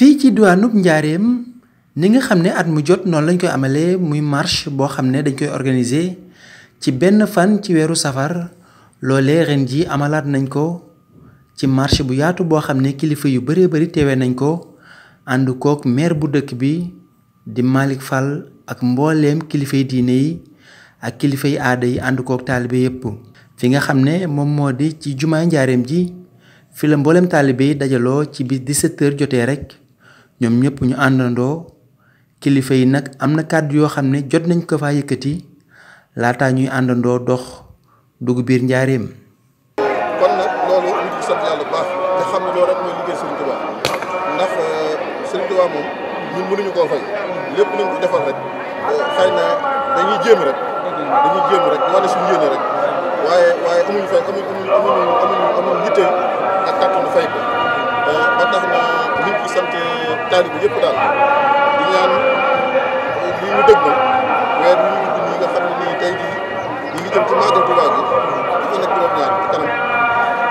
fii ci diwaanub njaareem ni nga xam ne at mu jot noonu lañ koy amalee muy marche boo xam ne dañ koy organiser ci benn fan ci weeru safar loolee ren ji amalaat nañ ko ci marche bu yaatu boo xam ne kilifa yu bëree bari teewe nañ ko ànd kook maire bu dëkk bi di Malick fal ak mbooleem kilifay diine yi ak kilifay aada yi ànd kook taalibe yépp fi nga xam ne moom moo di ci jumaa njaareem ji fi la mbooleem taalibe dajaloo ci bi 17 heures jotee rek ñoom ñëpp ñu àndandoo kilifa yi nag am na kàddu yoo xam ne jot nañ ko faa yëkkati laata ñuy àndandoo dox dugg biir njaareem. kon nag loolu ñu ngi sant yàlla bu baax te xam ne loolu rek mooy liggéey Serigne Touba ndax euh, Serigne Touba moom ñun mënuñu koo fay lépp luñ ko defal rek euh, xëy na dañuy jéem rek dañuy jéem rek wane suñu yéene rek waaye waaye amuñu fay amuñu amuñu amuñu amuñu yitte ak kàttanu fay ko. ba na ñu ki sant taalibe yépp daal di ñaan li ñu dëgg weer ñu ngi nga xam ne nii tey jii ñu ngi jëm ci màggal Tuubaa gi dafa nekk juróom ñaar ci kanam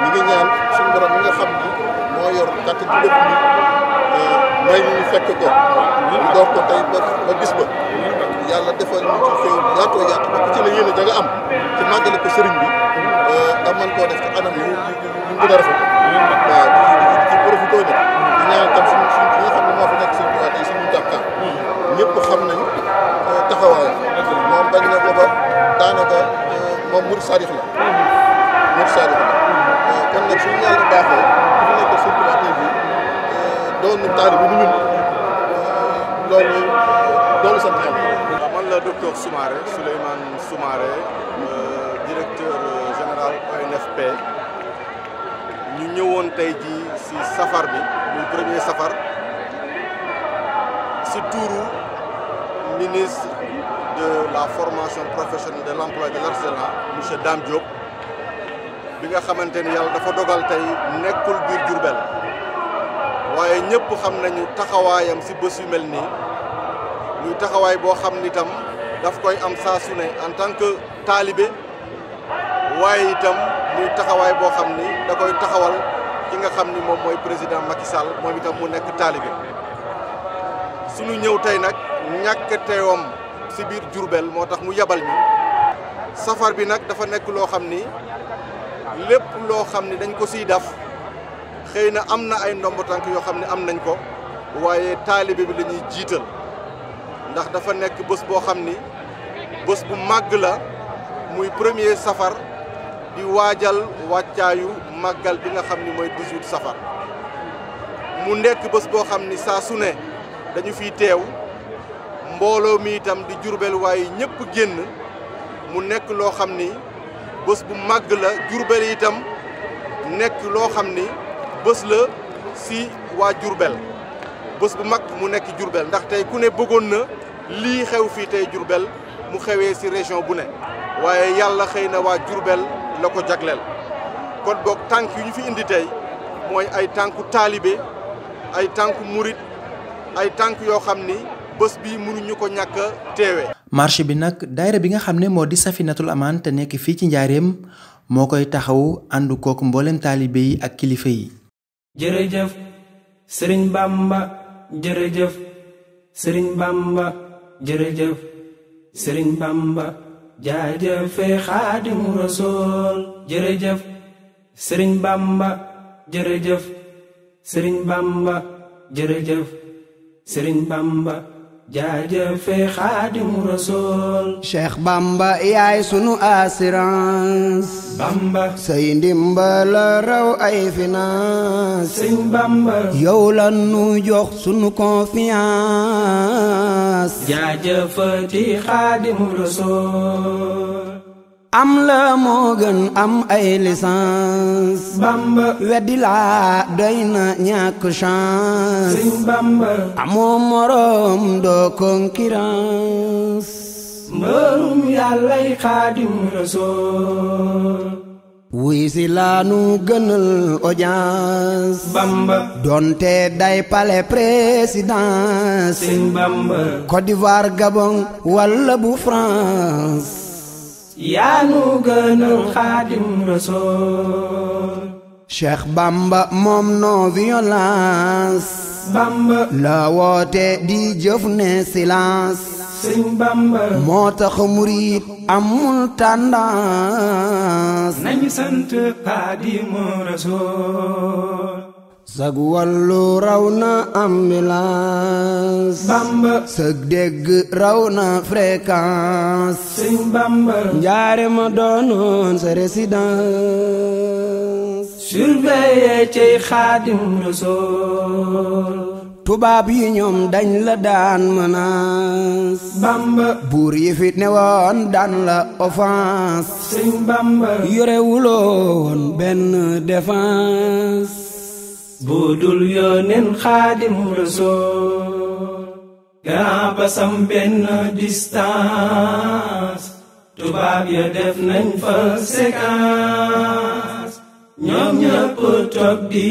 ñu ngi ñaan suñu borom mi nga xam ni moo eh, ñu fekk ko ñu door ko tey ba ba bis ba yàlla defal ñu ci xew yaatoo yaatu ba ku ci la yéene da am ci màggale ko sëriñ bi da eh, koo def ci anam yu ñu gën a rafet waaw ci profité nag di ñaan tam suñu suñ ñi nga xam ne moo fi nekk suñu waa tey suñu jàkkaar ñëpp xam nañ taxawaayam moom bañ na ko ba daanaka moom murid sadix la murid sadix la kon nag suñu yàlla baaxee fi nekk suñu waa tey bii doon taalibe bu ñun loolu loolu sant yàlla man la docteur Soumaré Souleymane Soumaré euh, directeur euh, général ONFP ñu ñëwoon tey jii si safar bi muy premier safar si tuuru ministre de la formation professionnelle de l'emploi et de l'artisanat monsieur Dame Diop bi nga xamante ni yàlla dafa dogal tey nekkul biir Jurbel waaye ñëpp xam nañu taxawaayam si bés yu mel nii muy taxawaay boo xam ni tam daf koy am saa su ne en tant que taalibe waaye itam muy taxawaay boo xam ni da koy taxawal ki nga xam ni moom mooy président Macky Sall moom itam mu nekk taalibe suñu ñëw tey nag ñàkk teewam si biir Jurbel moo tax mu yabal ñu safar bi nag dafa nekk loo xam ni lépp loo xam ni dañ ko siy daf xëy na am na ay ndombo yoo xam ne am nañ ko waaye taalibe bi la jiital ndax dafa nekk bés boo xam ni bés bu màgg la muy premier safar di waajal wàccaayu màggal bi nga xam ni mooy 18 safar mu nekk bés boo xam ni saa su ne dañu fi teew mbooloo mi itam di jurbel waaye ñëpp génn mu nekk loo xam ni bés bu màgg la jurbel itam nekk loo xam ni bés la si waa jurbel bés bu mag mu nekk jurbel ndax tey ku ne bëggoon na lii xew fii tey jurbel mu xewee si région bu ne waaye yàlla xëy na waa jurbel la ko jagleel kon boog tànk yu ñu fi indi tey mooy ay tànku taalibe ay tànku murit ay tànk yoo xam ni bés bi mënuñu ko ñàkk a teewe marché bi nag daayira bi nga xam ne moo di safinatul amaan te nekk fii ci njaareem moo koy taxaw ànd kook mboolem taalibe yi ak kilifa yi jërëjëf sëriñ bàmba jërëjëf sëriñ bàmba jërëjëf sëriñ bàmba jaajëf fee xaadimu rasool jërëjëf sëriñ bamba jërëjëf sëriñ bamba jërëjëf sëriñ bamba jaajëfee xaadimu rasool. cheikh bamba yaay sunu assurance. bamba. say ndimbal raw ay finance. sëñ bamba. yow la nu jox sunu confiance. jaajëfati xaadimu rasool. am la moo am ay licence bamba weddi laa doy na ñàkk chance sëñ moroom doo concurrence mbërum yàllay xaadim rasool wuy si laa nu gënal audience bamba donte day palais présidence sëñ Gabon walla bu France yaa nu gënal xaadim rasool cheikh bamba moom non violence bamba la woote di jëf ne silence sëñ bamba moo tax murit amul nañu sant xaadim rasool sag wàllu raw na ambulance. bamba. sag dégg raw na fréquence. sëñ ma doonoon sa résidence. surveiller cey xaadim rasool. tubaab yi ñoom dañ la daan menace. bamba. buur yi fi newoon daan la offense. sëñ bamba. woon benn défense. budul yoneen xaadim rasool gaa basam benn distance tubaab ya def nañ fa séquence ñoom ñëpp toog di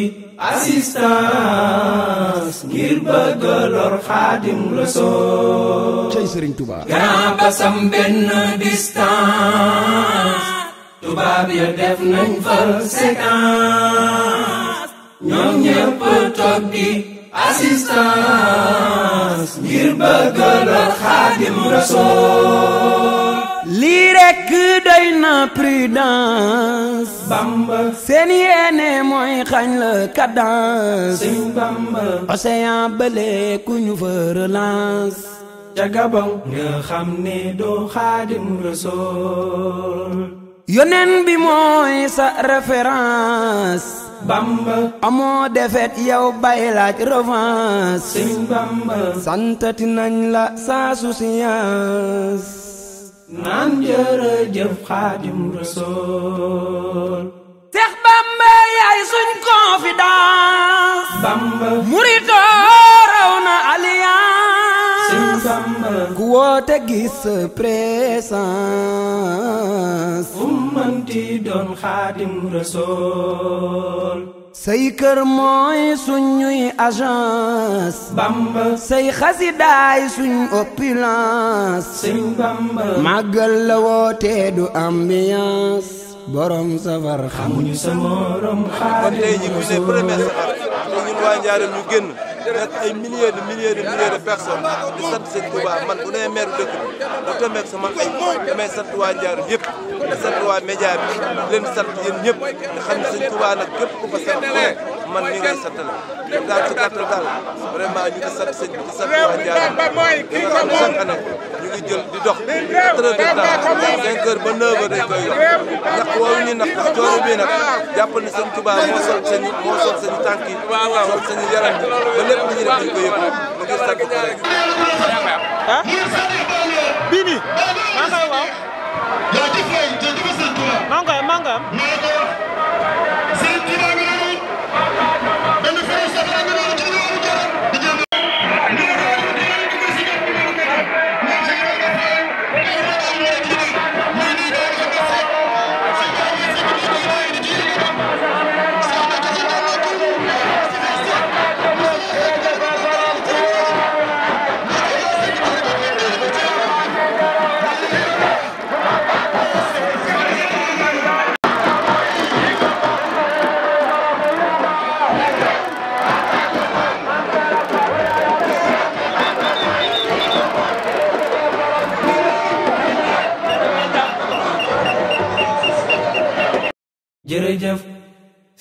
assistance ngir bëgg lor xaadim rasool cay sëriñ Tuubaa gaa basam benn distance tubaab ya def nañ fa séquence ñoom ñépp toog di assistance ngir bëgg la xaadim rasool lii rekk doy na prudence bamba seen yéene mooy xañ la cadence sëñ bamba océan ku ñu fa relance ca gabaw nga xam ne doo xaadim rasool yoneen bi mooy sa référence bamba amoo defet yow bay laaj revanche bamba santati nañ la sa souciance naan jërëjëf xaadim rasool seex bamba yaay suñ confidence bamba murit ku woote gis présence ummanti doon xaadim rasool say kër mooy suñuy agence bamba say xasidaay suñ opulence sëñ bamba màggal la wootee du ambiance borom safar sa morom xaadim kon tey ji bu see ñun waa Njaaréem ñu génn nekk ay milliers de milliers de milliers de personnes di sant sëñ Touba man bu nee maire dëkk bi ba sama ay damay sant waa Ndiar yëpp di sant waa média bi di leen sant yéen ñëpp nga xam ne sëñ Touba nag képp ku fa sant ku man mi ngay sant la daal ci gàttal daal vraiment ñu ngi sant sëñ bi di sant waa Ndiar di sant année ñu ngi jël di dox. quatre heures de temps cinq heures ba neuf heures dañ koy dox ndax woowu ñu nag ndax coono bii nag ah. jàpp na sëñ Tuubaa moo sol seen i moo sol seen i tànk yi. sol seen i yaram ba lépp lu ñuy def dañ koy yëpp mu ngi sant ah bii nii. maa ngi koy waaw. maa ngi koy maa ngi koy am.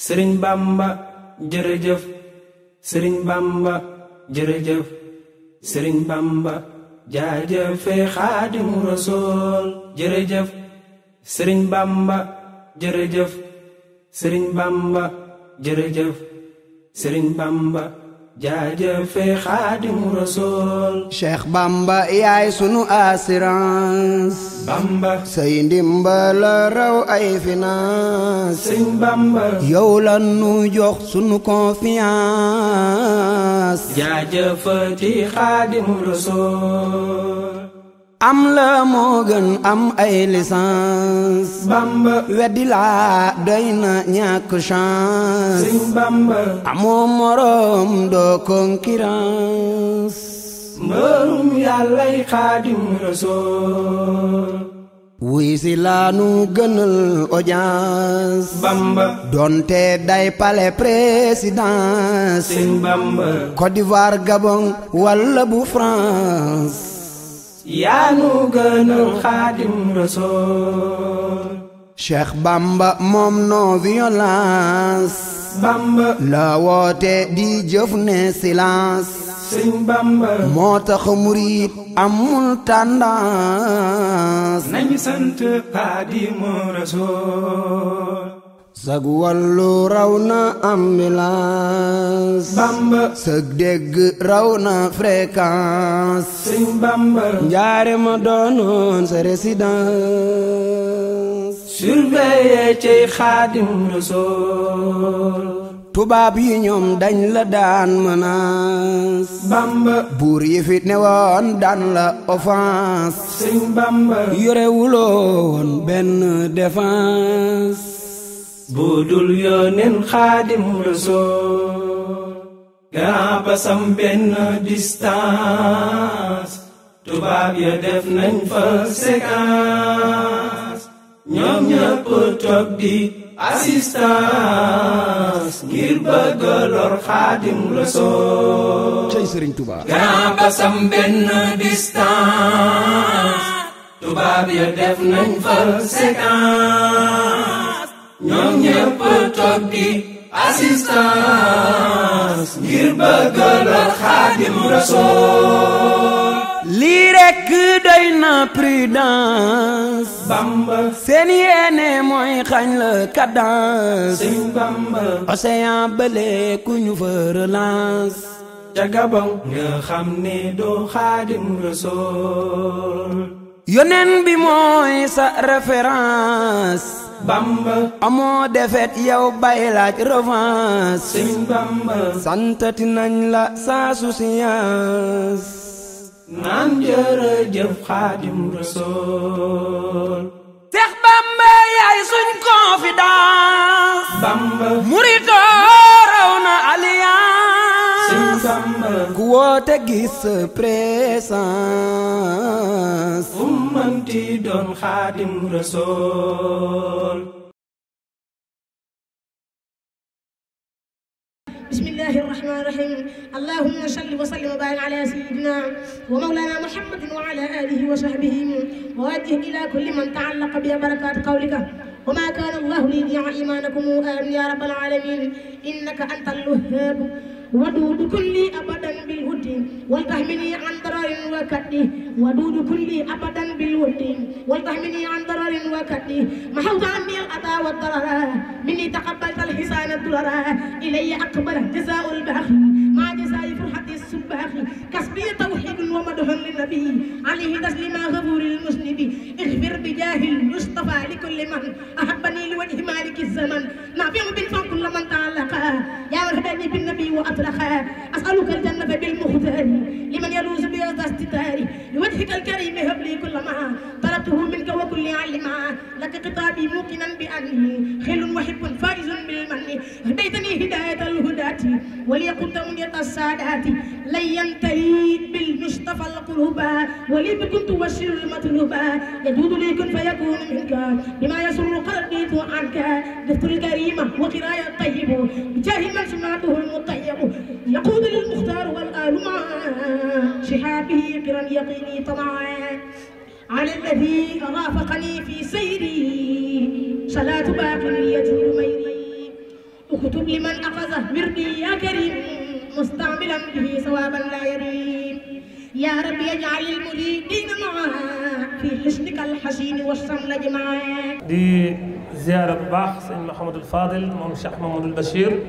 sëriñ bamba jërëjëf sëriñ bamba jërëjëf sëriñ bamba jaajëfe xaadimu rasool jërëjëf sëriñ bamba jërëjëf sëriñ bamba jërëjëf sëriñ bamba jaajëfee xaadimu rasool. Cheikh Bamba yaay sunu assurance. Bamba. say ndimbal raw ay finance. sëñ Bamba. yow la jox sunu confiance. jaajëfati xaadimu rasool. am la moo am ay licence bamba weddi laa doy na ñàkk chance sëñ moroom doo concurrence mbërum yàllay xaadim rasool wuy si laa nu gënal audience bamba donte day palais présidence sëñ Gabon walla bu France yaa nu gënal xaadim rasool cheikh bamba moom non violence bamba la woote di jëf ne silence sëñ bamba moo tax murit amul tendance nañu sant xaadim rasool sag wallu raw na ambulance bamba dégg raw na fréquence sëñ ma doonoon sa résidence surveillé ci xaadim rasool tubaab yi ñoom dañ la daan menace bamba buur yi fi ne daan la offense sëñ bamba woon benn défense budul yoneen xaadim rasul gaa basam benn distance tubaab ya def nañ fa séquence ñoom ñëpp toog di assistance ngir bëgg lor xaadim rasul cay sëriñ Tuubaa gaa basam benn distance tubaab ya def nañ fa séquence ñépp toog di assistance ngir bëgg la xaadim rasool lii rekk doy na prudence bamba seen yéene mooy xañ la cadence sëñ bamba océan bële ku ñu fa relance ca gabaw nga xam ne doo xaadim rasool yoneen bi mooy sa référence bamba amoo defet yow bay laaj revanche sëñ bamba santati nañ la sa souciance naan jërëjëf xaadim rasool seex bamba yaay suñ confidence bamba muritoo raw na alliance Serigne Bamba ku woote gis présence ummanti doon Xaadim Rasool بسم الله الرحمن الرحيم اللهم صل وسلم وبارك على سيدنا ومولانا محمد وعلى اله وصحبه ووجه الى كل من تعلق ببركات قولك وما كان الله ليضيع ايمانكم امين يا رب العالمين انك انت الوهاب ودود كلي أبدا بالود والتهمني عن ضرر وكد ودود كلي أبدا بالود والتهمني عن ضرر وكد محوت عني الأذى والضرر مني تقبلت الحسان الدرر إلي أكبر جزاء البخل مع جزاء فرحة السباخ كسبي توحيد ومدح للنبي عليه تسليم غفور المذنب اغفر بجاه المصطفى لكل من أحبني لوجه مالك الزمن نافع وأفلخا أسألك الجنة بالمختار لمن يلوذ بيضا استداري لوجهك الكريم هب لي كل ما أخذته منك وكل علما لك كتابي موقنا بأنه خيل وحب فائز بالمن هديتني هداية الهداة وليكن تمنية السادات لن ينتهي بالمصطفى القلوبا ولي كنت وشر المطلوبا يجود لي كن فيكون منك بما يسر قلبي عنك دفتر الكريمة وقراية الطيب بجاه من سمعته المطيب يقود للمختار والآل مع شهابه قرا يقيني طمعا على الذي رافقني في سيري صلاة باقي يجود ميري اكتب لمن أخذه مردي يا كريم مستعملا به ثوابا لا يريم يا رب يجعل المريدين معها في حسنك الحسين والصمل جمعا دي زيارة باخ سيد محمد الفاضل مام الشيخ محمد البشير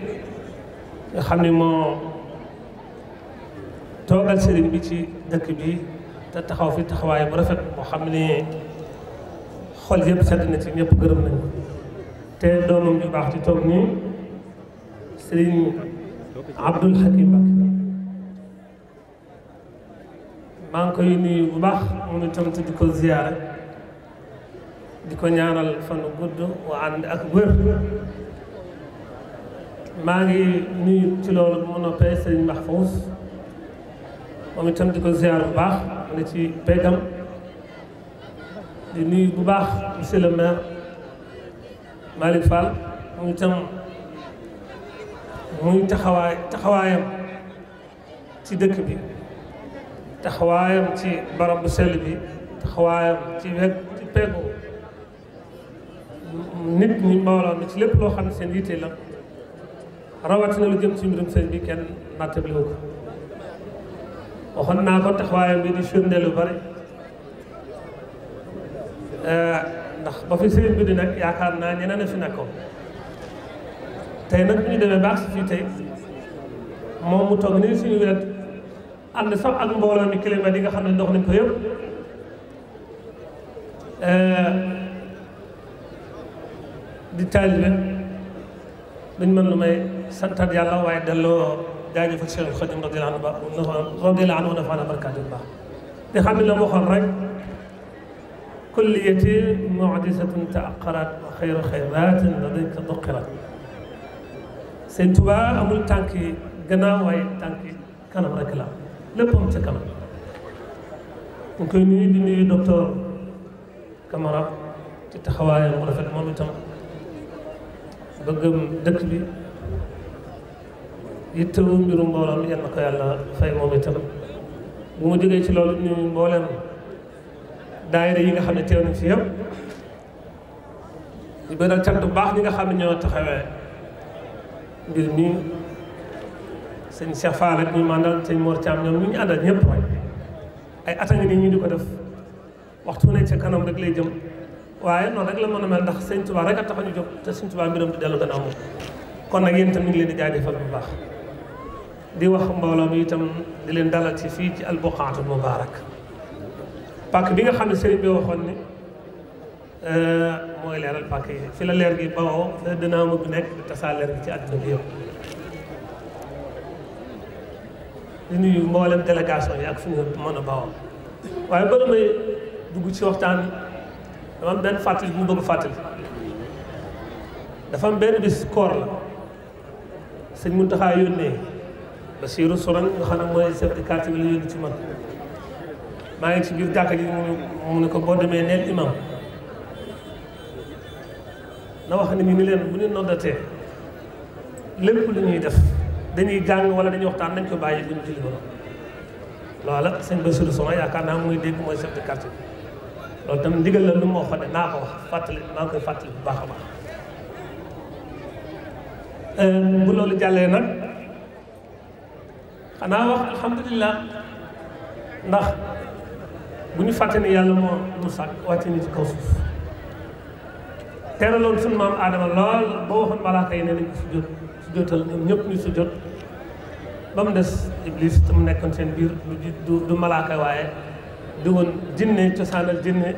خامني مو توغال سيرين بي دك بي te taxaw fi taxawaay bu rafet moo xam ne xol yëpp sedd na ci ñëpp gërëm nañu te doomam ju baax ci toog nii sëriñ Abdul Hakim maa ngi koy nuyu bu baax moom itam di ko ziyaara di ko ñaanal fan gudd wa ànd ak wér maa ngi nuyu ci loolu bu mu noppee sëriñ di ko ziyaara bu mu ngi ci peggam di nuyu bu baax monsieur le maire Malick Fall mu ngi tam muy taxawaay taxawaayam ci dëkk bi taxawaayam ci barab bu sell bi taxawaayam ci wet ci peggu nit ñi mbooloo mi ci lépp loo xam ne seen yitte la rawatina lu jëm ci mbirum sëñ bi kenn nattable ko waxoon naa ko taxawaayam bi di firnde lu bari ndax ba fi sëriñ bi di nag yaakaar naa ñeneen a fi nekkoon tey nag bu ñu demee baax si fii tey moom mu toog nii suñu wet ànd sax ak mbooloo mi kilima nga xam ne ndox nañ ko yëpp di taalibe duñ mën lu may santat yàlla waaye delloo jaajëfal Cheikh Khadim radiyallahu anhu radiyallahu anhu nafaana barakaatu bu baax te xam ne la waxoon rek kulliyati mu'jizatun ta'aqqarat wa xayru xayratin ladayka duqirat Sëñ Tuubaa amul tànki gannaaw waaye tànki kanam rek la léppam ca kanam ñu koy nuyu di nuyu docteur Camara ci taxawaayam bu rafet moom itam bëggam dëkk bi yittewu mbirum mbooloo mi yal na ko yàlla fay moom itam bu mu jógee ci loolu ñu mbooleem daayira yi nga xam ne teew nañ fi yëpp ñu beral cant bu baax ñi nga xam ne ñoo taxawee mbir mi sëñ Cheikh Fall ak ñu mandal sëñ Mor ñu ñu ñëpp ay at a ngi ñu di ko def waxtu mu nekk ca kanam rek lay jëm waaye noonu rek la mën a mel ndax sëñ Tuubaa rek a tax ñu jóg te sëñ Tuubaa mbiram di dellu gannaaw moom kon nag yéen tam ñu ngi leen di jaajëfal bu baax di wax mbooloo mi itam di leen dalal ci fii ci albuqaatul mubaarak pàkk bi nga xam ne sëriñ bi waxoon ne mooy leeral pàkk yi fi la leer gi bawoo fi la dinaa mu nekk di tasaa leer gi ci àdduna bi yëpp di nuyu mboolem délégation yi ak fu ñu mën waaye ba damay dugg ci waxtaan dama am benn fàttali bu mu bëgg fàttali dafa am benn bis koor la sëñ Muntaxa yónnee Bassirou Soran nga xam ne mooy chef de quartier bi ci man maa ngi ci biir jàkka ji mu ne ko boo demee neel imam na wax ni ni leen bu ñu noddatee lépp lu ñuy def dañuy jàng wala dañuy waxtaan nañ ko bàyyi bu ñu julli ba loola sëñ Bassirou Soran yaakaar naa muy dégg mooy chef de quartier bi loolu tam ndigal la lu ma waxoon ne naa ko wax fàttali maa koy fàttali bu baax a baax euh, bu loolu jàllee nag xanaa wax alhamdulilah ndax bu ñu fàtte yàlla moo mu sàkk wàcce ni ci kaw suuf teraloon suñu maam aadama lool boo waxoon malaaka ne nañ ko su jot su jotal ñëpp ñu su jot ba mu des iblis te mu nekkoon seen biir du du malaaka waaye di woon jinne cosaanal jinne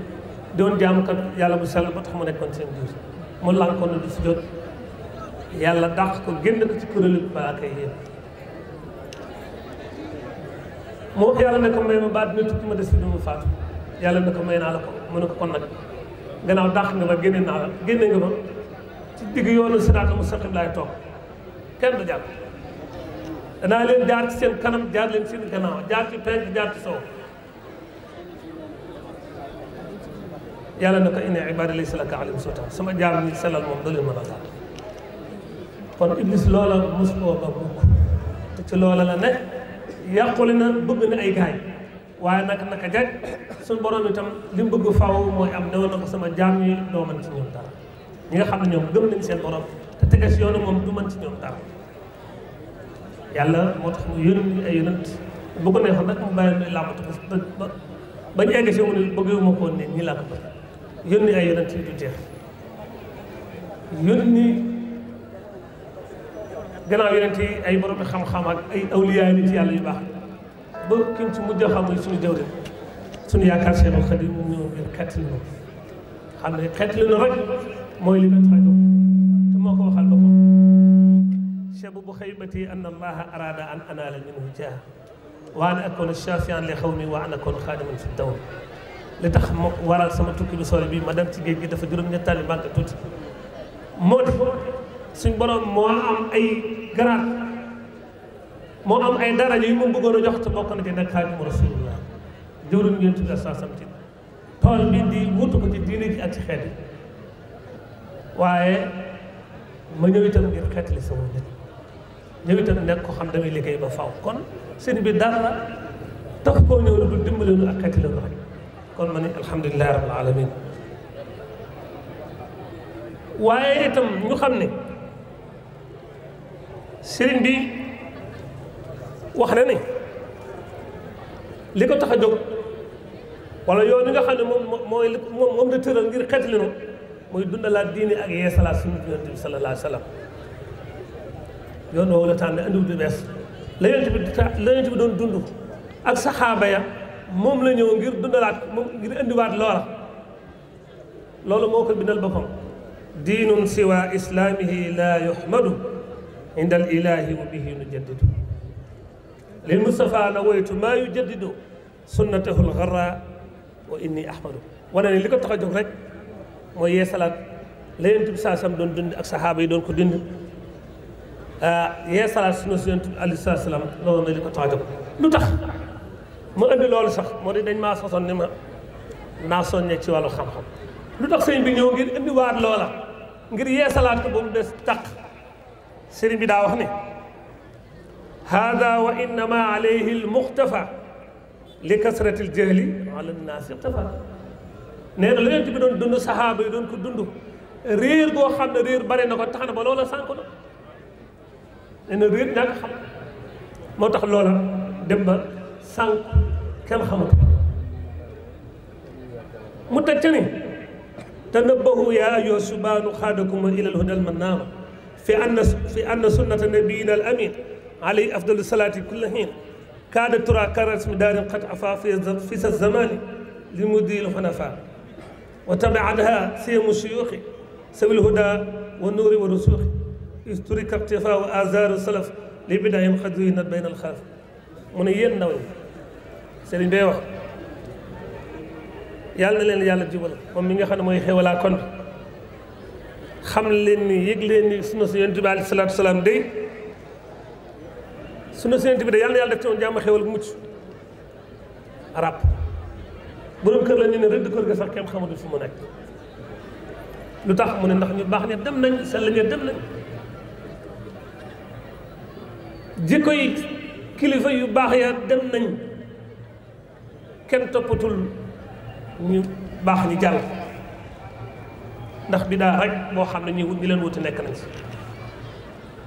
doon jaamkat yàlla bu sell ba tax mu nekkoon seen biir mu lànkoon na du su jot yàlla dàq ko génn ko ci kuréelu malaaka yi moo wax yàlla ne ko may ma ba dina tukki ma des ma faatu yàlla ne ko may naa la ko mu ne ko kon nag gannaaw dàq nga ma génne naa la génne nga ma ci digg yoonu siraatal mustaqim laay toog kenn du jàpp danaa jaar ci seen kanam jaar leen seen gannaaw jaar ci penk jaar ci sow yàlla na ko inna ibaadi laysa sama jaam ñi selal moom doo leen mën a daal kon iblis loola mos koo ba mukk te ci loola la ne yàqule na bëgg na ay gaay waaye nag naka jag suñu borom itam tam mu bëgg faaw mooy am newoon na ko sama jaam yi doo mën ci ñoom dara ñi nga xam ne ñoom gëm nañ seen borom te tege si yoonu moom du man ci ñoom dara yàlla moo tax mu yónni ay yonent bu ko neexoon nag mu bàyyi lay ba ba ñu egg si ne bëggee ma ko ay yonent yi yónni gannaaw yonent yi ay borom bi xam-xam ak ay awliyaay nit yàlla yu baax ba ki ci mujj xam muy suñu jaww ji suñu yaakaar Cheikhul Khadim mu ñëw ngeen xettali ñu xam ne xettali ñu rek mooy li nga traité te moo ko waxal ba moom. chebu bu xaybati an allaha arada an anaala minhu jaa wa an akoon shafian li xaw mi wa an akoon xaadiman fi daw li tax ma waral sama tukki bi sori bi ma dem ci géej gi dafa juróom-ñettaali màgg tuuti moo di suñ borom moo am ay. garaat moo am ay daraja yu mu bëggoon a jox te bokk na ci nag xaadimu rasulullah jëwriñ ngeen tudd saa samti tool bi di wutu ko ci ak ci xeet yi waaye ma ñëw itam ngir xeetali sama nit nekk ko xam damay liggéey ba faw kon seen bi dara tax koo ñëw lu dul dimbale lu ak kon ma ne alhamdulilahi rabbil alamin waaye itam ñu xam ne sëriñ bi wax na ne li ko tax a jóg wala yow li nga xam ne moom mooy moom moom la ngir xeetli nu mooy dundalaat diine ak yeesalaat suñu yonent bi sallallahu alayhi wa sallam yoon woowu la tànn du bees la yonent bi doon dund ak saxaaba ya moom la ñëw ngir dundalaat moom ngir andiwaat loola loolu moo ko bindal boppam diinun siwa islaamihi la yuhmadu عند الإله وبه نجدد للمصطفى نويت ما يجدد سنته الغراء وإني أحمده wane ne li ko tax a jóg rek mooy yeesalaat la Yonent bi saa sam doon dund ak saxaaba yi doon ko dund ah, yeesalaat sunu si Yonent bi aleyhi salaam loolu na li ko tax a jóg lu tax mu indi loolu sax moo di dañ maa sosoon ni ma naa soññe ci wàllu xam lu tax sëñ bi ñëw ngir indiwaat loola sëriñ bi daa wax ne hada wa innama alayhi almuxtafa li kasrati aljahli ala nnaasi iqtafa nee na bi doon dund saxaaba yi doon ko dund réer goo xam ne bare na ko tax na ba loola sànk na nee na réer ñàkk xam moo tax loola dem ba sànk kenn xamut mu teg ca tanabbahu yaa ayyuha subaanu xaadakum ilal hudal في أن في أن سنة نبينا الأمين عليه أفضل الصلاة كل حين كاد ترى كرسم دار قد عفا في في الزمان لمدي الحنفاء وتبعدها سيم الشيوخ سبيل الهدى والنور والرسوخ إذ ترك اقتفاء آزار السلف لبدع خدوين بين الخاف من ين نوي سيرين بي wax yalla na len yalla jubal mom mi nga xamne moy xewala kon xam leen ni yëg leen ni sunu si yonent bi salaat salaatu salaam day sunu si yonent bi day yàlla na yàlla def ci jàmm xewal mucc arab borom kër la ñu ne rëdd kër ga sax kenn xamatul fu mu lu tax mu ne ndax ñu baax ne dem nañ sell dem nañ jikko yi kilifa yu baax ya dem nañ kenn toppatul ñu baax ñu jàll ndax biddaa rek boo xam ne ñi wut ñi leen wuti nekk nañ si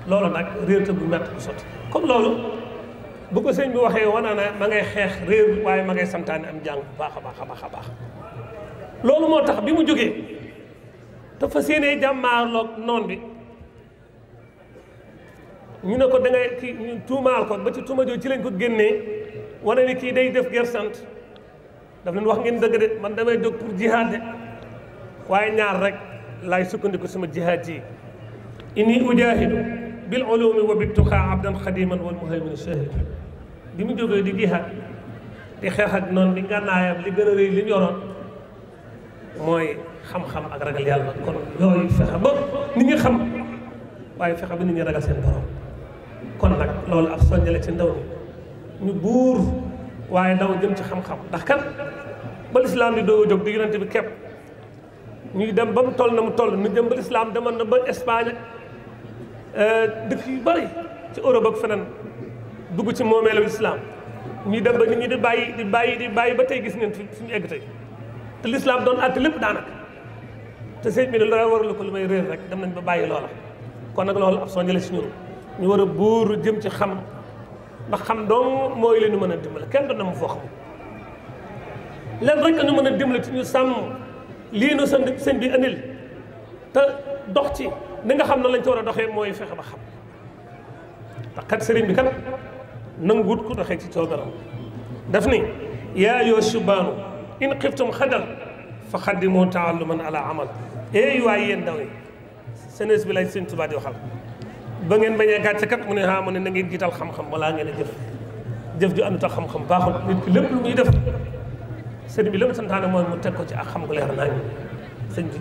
loolu nag réer te bu mett bu sotti comme ko sëñ bi waxee wana na ma ngay xeex réer waaye ma ngay santaane am jàng bu baax a baax baax baax loolu moo tax bi mu jógee dafa séenee jàmmaarloog noon bi ñu ne ko da ngay kii tuumaal ko ba ci tuuma jooju ci lañ ko génnee wane ni kii day def ger sant daf leen wax ngeen dëgg de man damay jóg pour jihaad de waaye ñaar rek laay sukkandiku sama jihaad yi inni ujahidu bil ulumi wa bit tuqaa abdan xadiman wal muhaymin shahid bi mu jógee di jihaad di xeex ak noonu di ngànnaayam li gën li ñu yoroon mooy xam-xam ak ragal yàlla kon yooyu fexe ba nit xam waaye fexe ba nit ñi ragal seen borom loolu ab soññale ci ndaw ñi buur waaye ndaw jëm ci xam-xam ndax kat ba lislaam di doo jóg di yonente bi képp ñuy dem ba mu toll na mu toll ñu dem ba lislaam demoon na ba Espagne euh, dëkk yu bari ci Europe ak feneen dugg ci moomeelu lislaam ñuy dem ba ñu ñi di bàyyi di bàyyi di bàyyi ba tey gis ngeen fi suñu egg tey te lislaam doon àtte lépp daanaka te sëñ bi ne war warul ko lu may réer rek dem nañ ba bàyyi loola kon nag loolu ab soññale si ñun ñu war a buur jëm ci xam ndax xam dong mooy la ñu mën a dimbale kenn du na mu foo xam leen rek ñu mën a dimbale ci ñu lii nu sëñ sëñ bi indil te dox ci ni nga xam ne lañ ci war mooy fexe ba xam ndax kat sëriñ bi kat nanguwut ku doxee ci coobaram daf ni yaa yoo subaanu in xiftum xadal fa xaddimoo taalluman ala amal eey waay yéen ndaw yi senes bi lay sëñ Tuubaa di waxal ba ngeen bañee gàcce kat mu ne a mu ne na ngeen jiital xam-xam balaa ngeen a jëf jëf ju àndut ak xam-xam baaxul nit ki lépp lu muy def sëriñ bi la mu santaane mooy mu teg ko ci ak xam gu leer naa ñu sëñ bi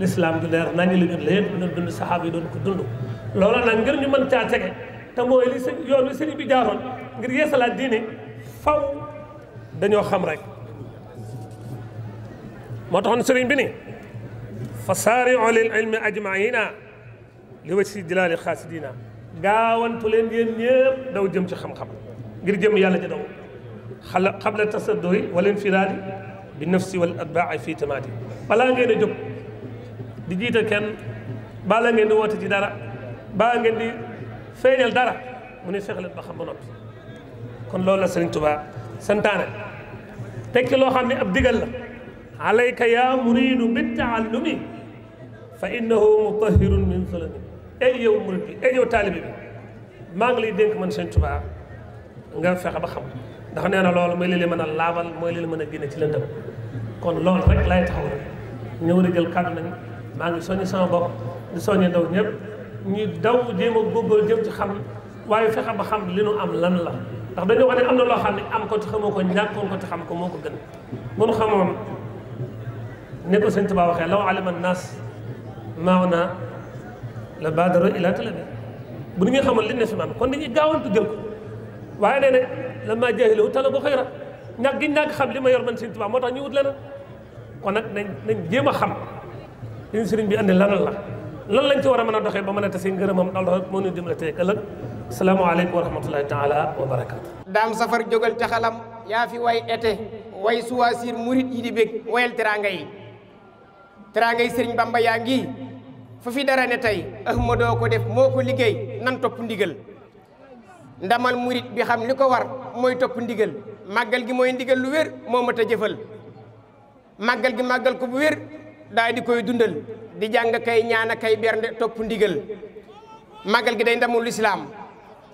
lislaam bi leer ñu la ñun lépp doon dund doon ko dund loola nag ngir ñu mën caa tege te mooy li sëñ yoon wi bi jaaroon ngir yeesalaat diine faw dañoo xam rek moo taxoon sëriñ bi ni fa saariu lil ilmi ajmaina li wa si leen yéen daw jëm ci xam-xam ngir jëm yàlla ci daw xala xabla tasaddoyi wala infiraadi bi nafsi wal atbaa fii tamaati balaa ngeen a jóg di jiite kenn balaa ngeen di woote ci dara balaa ngeen di feeñal dara mu ne fexe leen ba xam ba noppi kon loolu la Sëriñ Tuubaa santaane tekki loo xam ne ab digal la alayka yaa muriidu bi taallumi fa innahu mutahirun min zulami ey yow murid bi ey yow taalibe bi maa ngi lay dénk man Sëriñ Tuubaa nga fexe ba xam ndax nee na loolu mooy li man a laabal mooy li leen mën a génne ci lëndëm kon loolu rek lay taxaw ñëw na jël kàddu nañ maa ngi soññi sama bopp di soññi ndaw ñëpp ñuy daw jéem a góorgóorlu xam waaye fexe xam li am lan la ndax dañoo wax am na loo xam ne am ko ci xamoo ko ñàkkoon ko ci xam ko moo ko gën mun xamoon ne ko sëñ Tuubaa waxee law alima naas maaw naa la baadaru ilaa talabi bu ni nga xamoon li ne fi man kon dañuy gaawantu jël ko waaye nee lamma jaahilahu talabu xayra ñàkk gi ñàkk xam li ma yor man sëriñ Tuubaa moo tax ñu wut leneen kon nag nañ nañ jéem a xam li sëriñ bi andi lan la lan lañ ci war a mën a doxee ba mën a tasee ngërëmam Allah moo ñu dimbali tey ëllëg salaamaaleykum wa rahmatullahi taala wa barakaatu. daam safar jógal te xalam yaa fi way ete way suwaasir murit yi di bég wayal teraanga yi teraanga yi sëriñ mbamba yaa ngi fu fi dara ne tey Ahmadoo ko def moo ko liggéey nan topp ndigal. ndamal murit bi xam li ko war mooy topp ndigal màggal gi mooy ndigal lu wér moo mat a jëfal màggal gi màggal ko bu wér daal di koy dundal di jàng kay ñaana kay bernde topp ndigal màggal gi day ndamu ndamul lislaam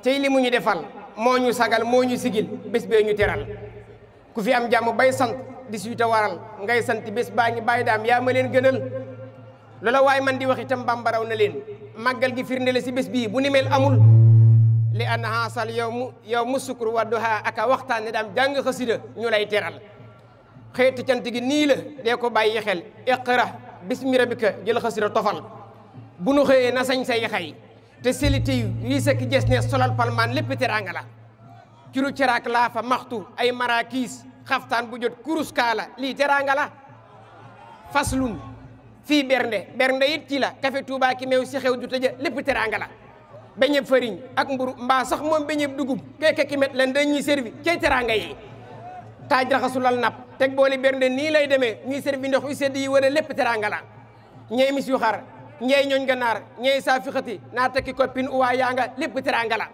tey li mu ñu defal moo ñu sagal moo ñu sigil bés bee ñu teral ku fi am jàmm bay sant di suy ta waral ngay sant bés baa ngi bàyyi daam yaa ma leen gënal loola waaye man di wax itam bambaraw na leen màggal gi firnde la si bés bii bu ni amul li anna haasal yow mu yow mu sukkur wadduha aka waxtaan ne daam jàng xasida ñu lay teral xeetu cant gi nii la dee ko bàyyi xel iqra bismi rabbika jël xasida tofal bu nu xëyee na sañ say xay te seliti yi sekk jes ne solal palmaan lépp teraanga la ceraak laa fa maxtu ay maraakiis xaftaan bu jot kurus kaala lii teraanga la faslun fii bernde bernde it ci la café meew si xew du tëja lépp teraanga beñeb fariñ ak mburu mbaa sax moom beñeb dugub keke ki met leen dañuy servi cey teraanga yi taaj raxasulal napp teg booli bernde nii lay demee ñuy servi ndox yu sedd yi wala lépp teraanga la ñey mis yu xar ñey ñooñ ganaar ñey saa fixati naa tekki koppin uwaa yaa nga lépp teraanga la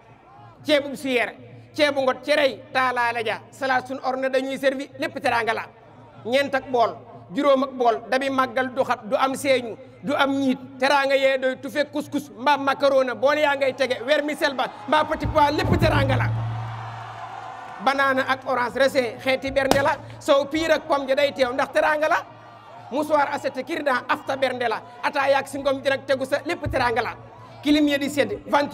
ceebub suyeer ceebu ngot cerey taalaa la ja salaat sun orne dañuy servi lépp teraanga la ñeent ak bool juróom ak bool dabi màggal du xat du am seeñu du am ñiit teraanga yee doy tufe couscous mbaa macarona boole yaa ngay tege vermicelle ba mbaa petit pois lépp teraanga la banaana ak orange raisin xeeti bernde la soow piir ak pomme ja day teew ndax teraanga la musuwaar asete kirdan afta bernde la ataaya ak si ngom dina tegu sa lépp teraanga la clim ya sedd